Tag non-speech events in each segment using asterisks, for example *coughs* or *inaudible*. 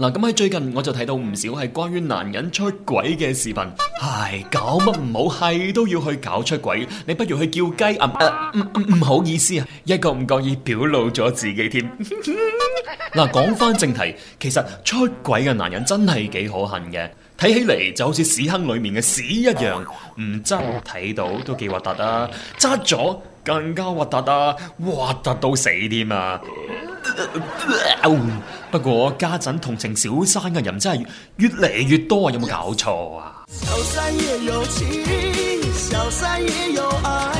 嗱，咁喺最近我就睇到唔少係關於男人出軌嘅視頻，係搞乜唔好，係都要去搞出軌，你不如去叫雞啊！唔、啊嗯嗯、唔好意思啊，一個唔覺意表露咗自己添。嗱，講翻正題，其實出軌嘅男人真係幾可恨嘅，睇起嚟就好似屎坑裡面嘅屎一樣，唔執睇到都幾核突啊，執咗更加核突啊，核突到死添啊！呃呃呃、不過家陣同情小三嘅人真係越嚟越，越多，有沒有啊，有冇搞錯啊，小三也有情，小三也有愛。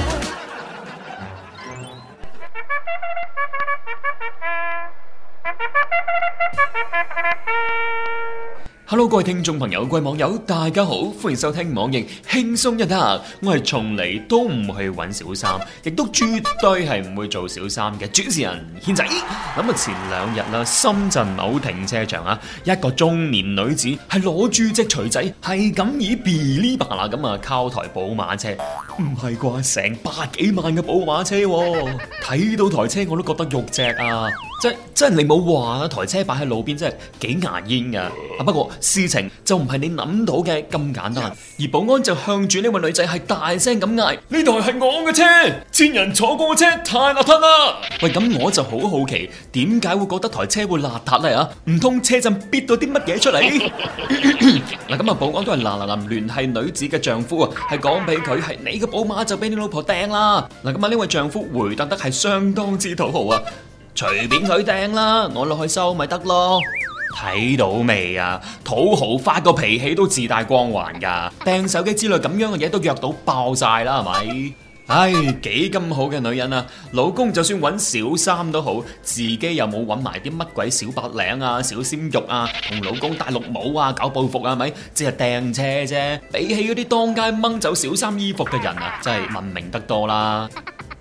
hello，各位聽眾朋友、各位網友，大家好，歡迎收聽《網易輕鬆一刻》。我係從嚟都唔去揾小三，亦都絕對係唔會做小三嘅主持人軒仔。咁啊，前兩日啦，深圳某停車場啊，一個中年女子係攞住隻鎚仔，係咁以嗶哩啪啦咁啊，敲台寶馬車。唔係啩？成百幾萬嘅寶馬車，睇到台車我都覺得肉赤啊！即係你冇話啊！台車擺喺路邊真係幾牙煙噶。啊，不過事情就唔係你諗到嘅咁簡單，而保安就向住呢位女仔係大聲咁嗌：呢台係我嘅車，千人坐過車太邋遢啦！喂，咁我就好好奇，點解會覺得台車會邋遢咧？吓，唔通車震逼到啲乜嘢出嚟？嗱， *coughs* 咁啊，保安都係嗱嗱臨聯繫女子嘅丈夫啊，係講俾佢係你個寶馬就俾你老婆掟啦。嗱，咁啊，呢位丈夫回答得係相當之土豪啊！隨便佢掟啦，我落去收咪得咯。睇到未啊？土豪發個脾氣都自帶光環噶，掟手機之類咁樣嘅嘢都約到爆晒啦，係咪？唉，幾咁好嘅女人啊！老公就算搵小三都好，自己又冇搵埋啲乜鬼小白領啊、小鮮肉啊，同老公戴綠帽啊，搞報復啊，係咪？即係掟車啫，比起嗰啲當街掹走小三衣服嘅人啊，真係文明得多啦。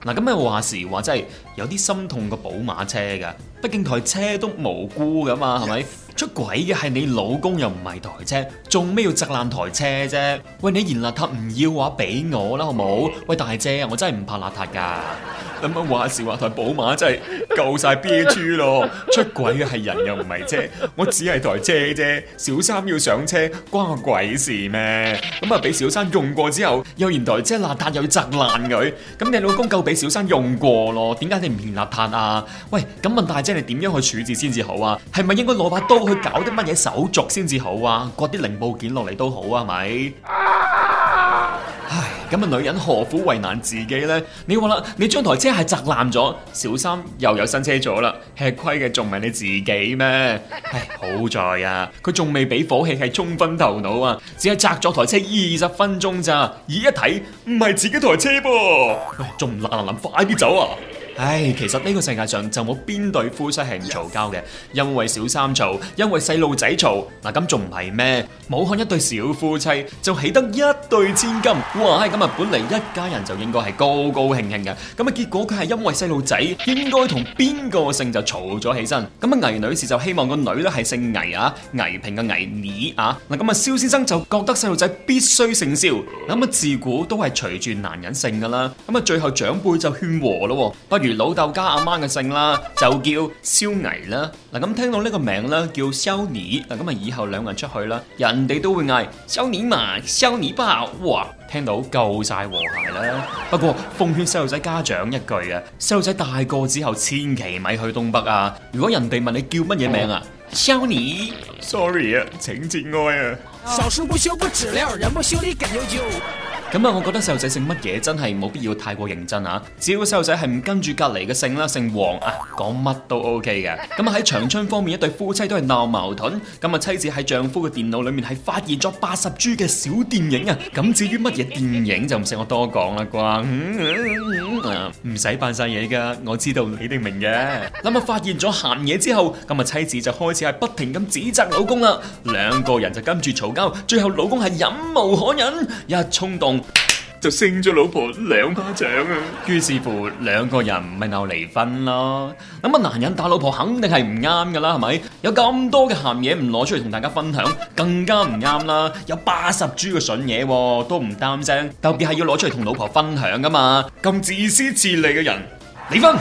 嗱，咁你話時話真係有啲心痛個寶馬車噶，畢竟台車都無辜噶嘛，係咪？Yes. 出軌嘅係你老公，又唔係台車，做咩要砸爛台車啫？喂，你嫌邋遢唔要嘅話，俾我啦，好冇？Okay. 喂，大姐，我真係唔怕邋遢噶。咁啊，話時話台寶馬真係舊晒 b 珠咯，出軌嘅係人，又唔係車，我只係台車啫。小三要上車，關個鬼事咩？咁啊，俾小三用過之後，又嫌台車邋遢，又要拆爛佢。咁你老公夠俾小三用過咯？點解你唔嫌邋遢啊？喂，咁問大姐你點樣去處置先至好啊？係咪應該攞把刀去搞啲乜嘢手續先至好啊？割啲零部件落嚟都好啊？係咪？咁啊，女人何苦為難自己呢？你話啦，你將台車係砸爛咗，小三又有新車咗啦，吃虧嘅仲係你自己咩？唉，好在啊，佢仲未俾火氣係衝昏頭腦啊，只係砸咗台車二十分鐘咋，咦，一睇唔係自己台車噃，啊，仲唔嗱嗱臨，快啲走啊！唉，其實呢個世界上就冇邊對夫妻係唔嘈交嘅，因為小三嘈，因為細路仔嘈。嗱，咁仲唔係咩？武漢一對小夫妻就起得一對千金。哇！咁啊，本嚟一家人就應該係高高興興嘅，咁啊，結果佢係因為細路仔應該同邊個姓就嘈咗起身。咁啊，倪女士就希望個女咧係姓倪啊，倪萍嘅倪。啊，嗱，咁啊，蕭先生就覺得細路仔必須姓蕭。咁啊，自古都係隨住男人姓噶啦。咁啊，最後長輩就勸和咯，不如。老豆加阿媽嘅姓啦，就叫肖巍啦。嗱，咁聽到呢個名啦，叫肖尼。嗱，咁啊，以後兩人出去啦，人哋都會嗌肖尼嘛，肖尼巴。哇，聽到夠晒和諧啦。不過奉勸細路仔家長一句啊，細路仔大個之後，千祈咪去東北啊。如果人哋問你叫乜嘢名啊，肖尼。Sorry 啊，請節哀啊。咁啊、嗯，我覺得細路仔姓乜嘢真係冇必要太過認真啊。只要細路仔係唔跟住隔籬嘅姓啦，姓黃啊，講乜都 O K 嘅。咁啊喺長春方面，一對夫妻都係鬧矛盾。咁、嗯、啊，妻子喺丈夫嘅電腦裏面係發現咗八十 G 嘅小電影，嗯嗯嗯、啊。咁至於乜嘢電影就唔使我多講啦啩。唔使扮晒嘢噶，我知道你哋明嘅。咁、嗯、啊，發現咗鹹嘢之後，咁、嗯、啊妻子就開始係不停咁指責老公啦。兩個人就跟住嘈交，最後老公係忍無可忍，一衝動。就升咗老婆兩巴掌啊！於是乎兩個人咪鬧離婚咯。咁啊，男人打老婆肯定係唔啱噶啦，係咪？有咁多嘅鹹嘢唔攞出嚟同大家分享，更加唔啱啦。有八十 G 嘅笋嘢都唔擔聲，特別係要攞出嚟同老婆分享噶嘛。咁自私自利嘅人，離婚。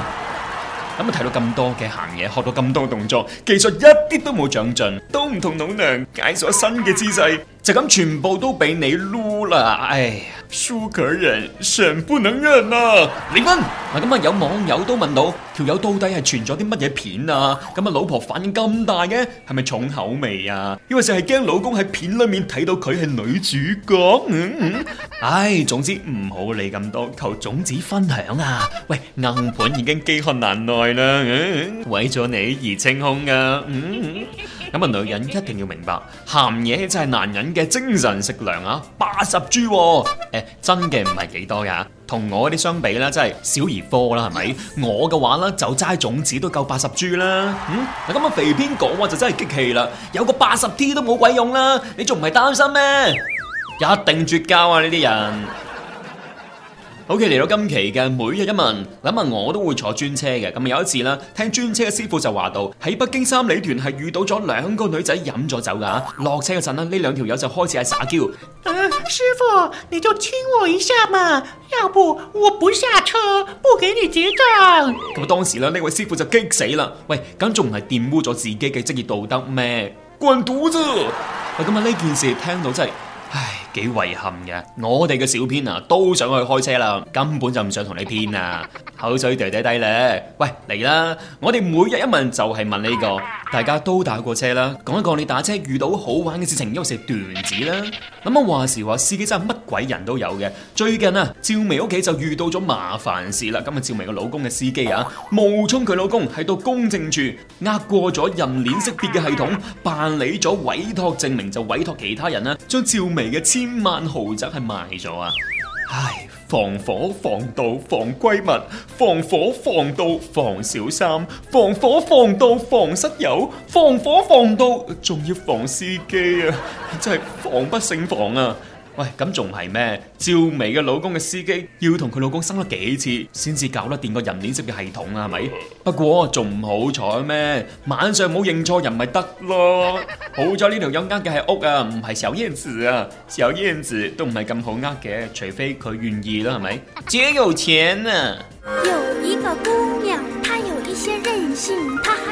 咁啊，睇到咁多嘅鹹嘢，學到咁多動作技術，一啲都冇長進，都唔同老娘解鎖新嘅姿勢，就咁全部都俾你擼啦！唉。書可忍，神不能忍啊！離婚嗱，咁啊，有網友都問到，條、這、友、個、到底係傳咗啲乜嘢片啊？咁啊老婆反應咁大嘅，係咪重口味啊？因為淨係驚老公喺片裏面睇到佢係女主角。唉、嗯哎，總之唔好理咁多，求種子分享啊！喂，硬盤已經飢渴難耐啦、嗯，為咗你而清空啊！嗯咁啊，女人一定要明白，鹹嘢真係男人嘅精神食糧啊，八十 G，、啊、誒，真嘅唔係幾多噶、啊，同我啲相比啦，真係小兒科啦，係咪？我嘅話啦，就齋種子都夠八十 G 啦、啊，嗯，嗱，咁啊肥編講話就真係激氣啦，有個八十 T 都冇鬼用啦，你仲唔係擔心咩？一定絕交啊，呢啲人！OK，嚟到今期嘅每日一問，諗下我都會坐專車嘅。咁啊有一次啦，聽專車嘅師傅就話到喺北京三里屯係遇到咗兩個女仔飲咗酒噶、啊，落車嗰陣呢，呢兩條友就開始喺撒嬌、啊。師傅你就親我一下嘛，要不我不下車，不給你結賬。咁啊當時啦，呢位師傅就激死啦。喂，咁仲唔係玷污咗自己嘅職業道德咩？滾犢子！啊咁啊呢件事聽到真係。幾遺憾嘅，我哋嘅小編啊都想去開車啦，根本就唔想同你編啊，口水掉低低咧。喂，嚟啦，我哋每日一問就係問呢個，大家都打過車啦，講一講你打車遇到好玩嘅事情，有時段子啦。諗下話時話，司機真係乜鬼人都有嘅。最近啊趙薇屋企就遇到咗麻煩事啦。咁啊趙薇個老公嘅司機啊冒充佢老公，喺到公證處呃過咗人臉識別嘅系統，辦理咗委託證明就委託其他人啦、啊，將趙薇嘅，千萬豪宅係賣咗啊！唉，防火防盜防閨蜜，防火防盜防小三，防火防盜防室友，防火防盜仲要防司機啊！真係防不勝防啊！喂，咁仲係咩？趙薇嘅老公嘅司機要同佢老公生咗幾次，先至搞得掂個人臉識別嘅系統啊？係咪？不過仲唔好彩咩？晚上冇認錯人咪得咯。好彩呢條音呃嘅係屋啊，唔係小燕子啊，小燕子都唔係咁好呃嘅，除非佢願意啦，係咪？姐，有錢啊！有一個姑娘，她有一些任性，她。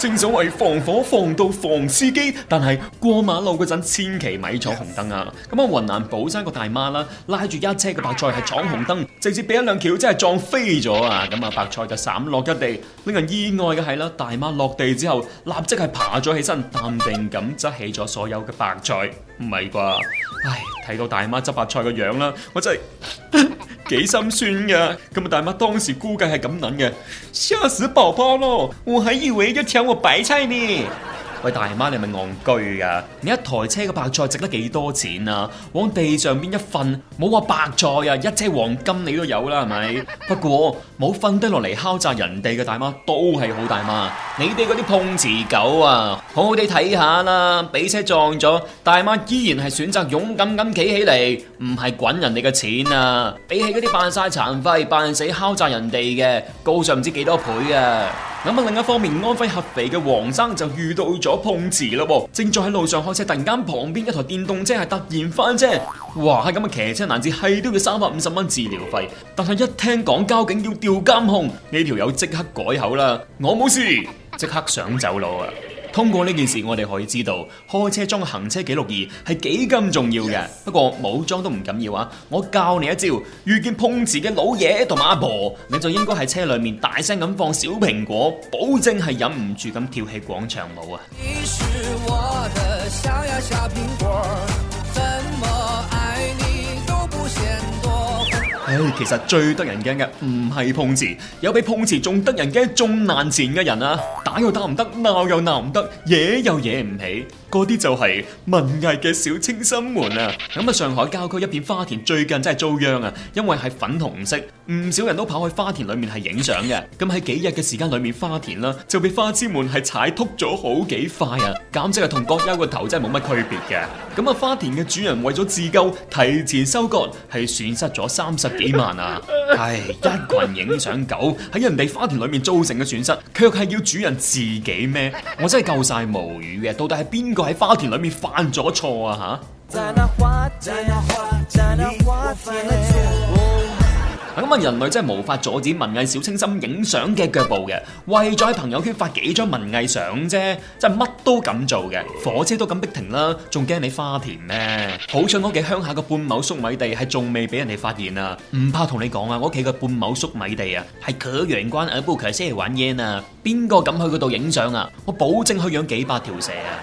正所謂防火防盜防司機，但係過馬路嗰陣千祈咪闖紅燈啊！咁啊 Yes. 雲南保山個大媽啦，拉住一車嘅白菜係闖紅燈，直接俾一輛轎車係撞飛咗啊！咁啊白菜就散落一地。令人意外嘅係啦，大媽落地之後立即係爬咗起身，淡定咁執起咗所有嘅白菜。唔係啩？唉，睇到大媽執白菜嘅樣啦，我真係幾 *laughs* 心酸㗎。咁啊，大媽當時估計係咁諗嘅，嚇死寶寶咯！我還以為要搶我白菜呢。喂，大媽，你係咪戇居啊？你一台車嘅白菜值得幾多錢啊？往地上邊一瞓，冇話白菜啊，一車黃金你都有啦，係咪？不過冇瞓低落嚟敲詐人哋嘅大媽都係好大媽。你哋嗰啲碰瓷狗啊，好好哋睇下啦。俾車撞咗，大媽依然係選擇勇敢咁企起嚟，唔係滾人哋嘅錢啊！比起嗰啲扮晒殘廢、扮死敲詐人哋嘅，高尚唔知幾多倍嘅、啊。咁另一方面，安徽合肥嘅黃生就遇到咗碰瓷喎。正在喺路上開車，突然間旁邊一台電動車係，突然翻車，哇！咁嘅騎車男子係都要三百五十蚊治療費，但係一聽講交警要調監控，呢條友即刻改口啦，我冇事，即刻想走路啊。通過呢件事，我哋可以知道，開車裝行車記錄儀係幾咁重要嘅。不過冇裝都唔緊要啊！我教你一招，遇見碰瓷嘅老爺同阿婆，你就應該喺車裏面大聲咁放小蘋果，保證係忍唔住咁跳起廣場舞啊！你是我的小呀小蘋果，怎麼愛唉，其實最得人驚嘅唔係碰瓷，有比碰瓷仲得人驚仲難纏嘅人啊！打又打唔得，鬧又鬧唔得，惹又惹唔起，嗰啲就係文藝嘅小清新們啊！咁啊，上海郊區一片花田最近真係遭殃啊，因為係粉紅色，唔少人都跑去花田裏面係影相嘅。咁喺幾日嘅時間裏面，花田啦、啊、就俾花痴們係踩禿咗好幾塊啊！簡直係同割肉個頭真係冇乜區別嘅。咁啊，花田嘅主人為咗自救，提前收割，係損失咗三十幾萬啊！唉，一群影相狗喺人哋花田裏面造成嘅損失，卻係要主人自己孭？我真係夠晒無語啊！到底係邊個喺花田裏面犯咗錯啊？吓、嗯！咁啊！人類真係無法阻止文藝小清新影相嘅腳步嘅，為咗喺朋友圈發幾張文藝相啫，真係乜都敢做嘅，火車都敢逼停啦，仲驚你花田咩？好彩我嘅鄉下個半畝粟米地係仲未俾人哋發現啊！唔怕同你講啊，我屋企嘅半畝粟米地啊，係鶴陽關阿布奇先嚟玩煙啊，邊個敢去嗰度影相啊？我保證去養幾百條蛇啊！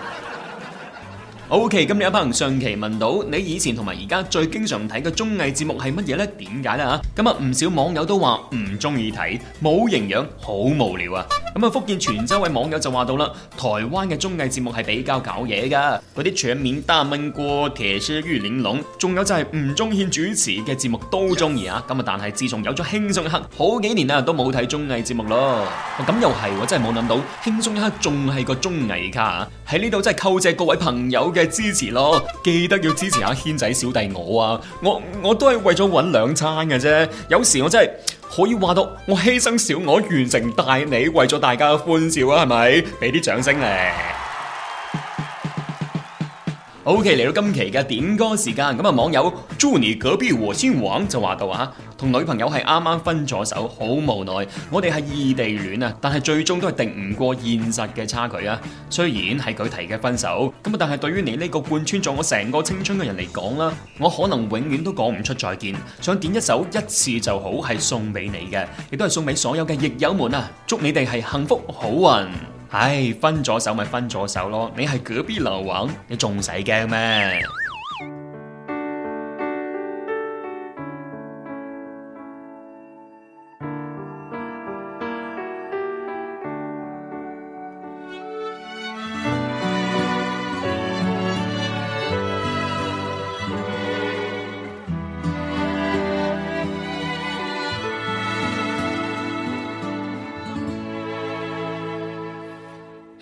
O K，今日有朋友上期問到你以前同埋而家最經常睇嘅綜藝節目係乜嘢呢？點解呢？咁啊唔少網友都話唔中意睇，冇營養，好無聊啊！咁啊福建泉州位網友就話到啦，台灣嘅綜藝節目係比較搞嘢㗎，嗰啲全民大悶鍋，鐵獅玉玲瓏，仲有就係吳宗憲主持嘅節目都中意啊！咁啊但係自從有咗輕鬆一刻，好幾年啊都冇睇綜藝節目咯。咁又係，我真係冇諗到輕鬆一刻仲係個綜藝咖。啊！喺呢度真係叩謝各位朋友嘅支持咯，記得要支持下軒仔小弟我啊，我我都係為咗搵兩餐嘅啫，有時我真係可以話到我犧牲小我完成大你，為咗大家嘅歡笑啊，係咪？俾啲掌聲嚟！Ok，嚟到今期嘅點歌時間，咁啊，網友 Juni 嗰邊和先王就話到啊，同女朋友係啱啱分咗手，好無奈。我哋係異地戀啊，但係最終都係定唔過現實嘅差距啊。雖然係佢提嘅分手，咁啊，但係對於你呢個貫穿咗我成個青春嘅人嚟講啦，我可能永遠都講唔出再見。想點一首一次就好，係送俾你嘅，亦都係送俾所有嘅益友們啊！祝你哋係幸福好運。唉，分咗手咪分咗手咯，你係隔壁老王，你仲使驚咩？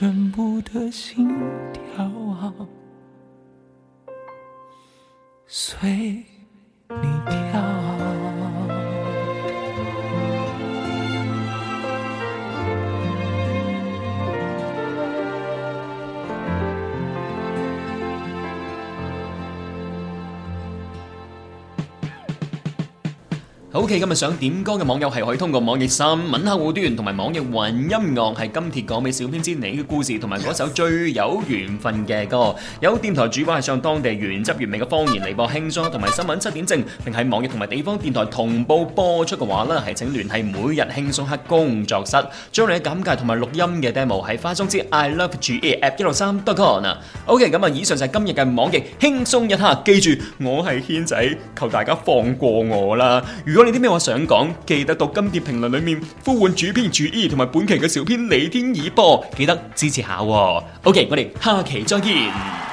全部的心跳啊，隨你跳。O.K. 今日想點歌嘅網友係可以通過網易新聞客戶端同埋網易雲音樂，係今次講俾小編知你嘅故事同埋嗰首最有緣分嘅歌。有電台主播係上當地原汁原味嘅方言嚟播輕鬆同埋新聞七點正，並喺網易同埋地方電台同步播出嘅話咧，係請聯繫每日輕鬆黑工作室，將你嘅簡介同埋錄音嘅 demo 喺花中之 I Love G A App 一六三 .com。O.K. 咁啊，以上就係今日嘅網易輕鬆一刻，記住我係軒仔，求大家放過我啦。如果你啲咩話想講，記得讀金碟評論裏面呼喚主編注意，同埋本期嘅小編李天已播，記得支持下，哦。OK，我哋下期再見。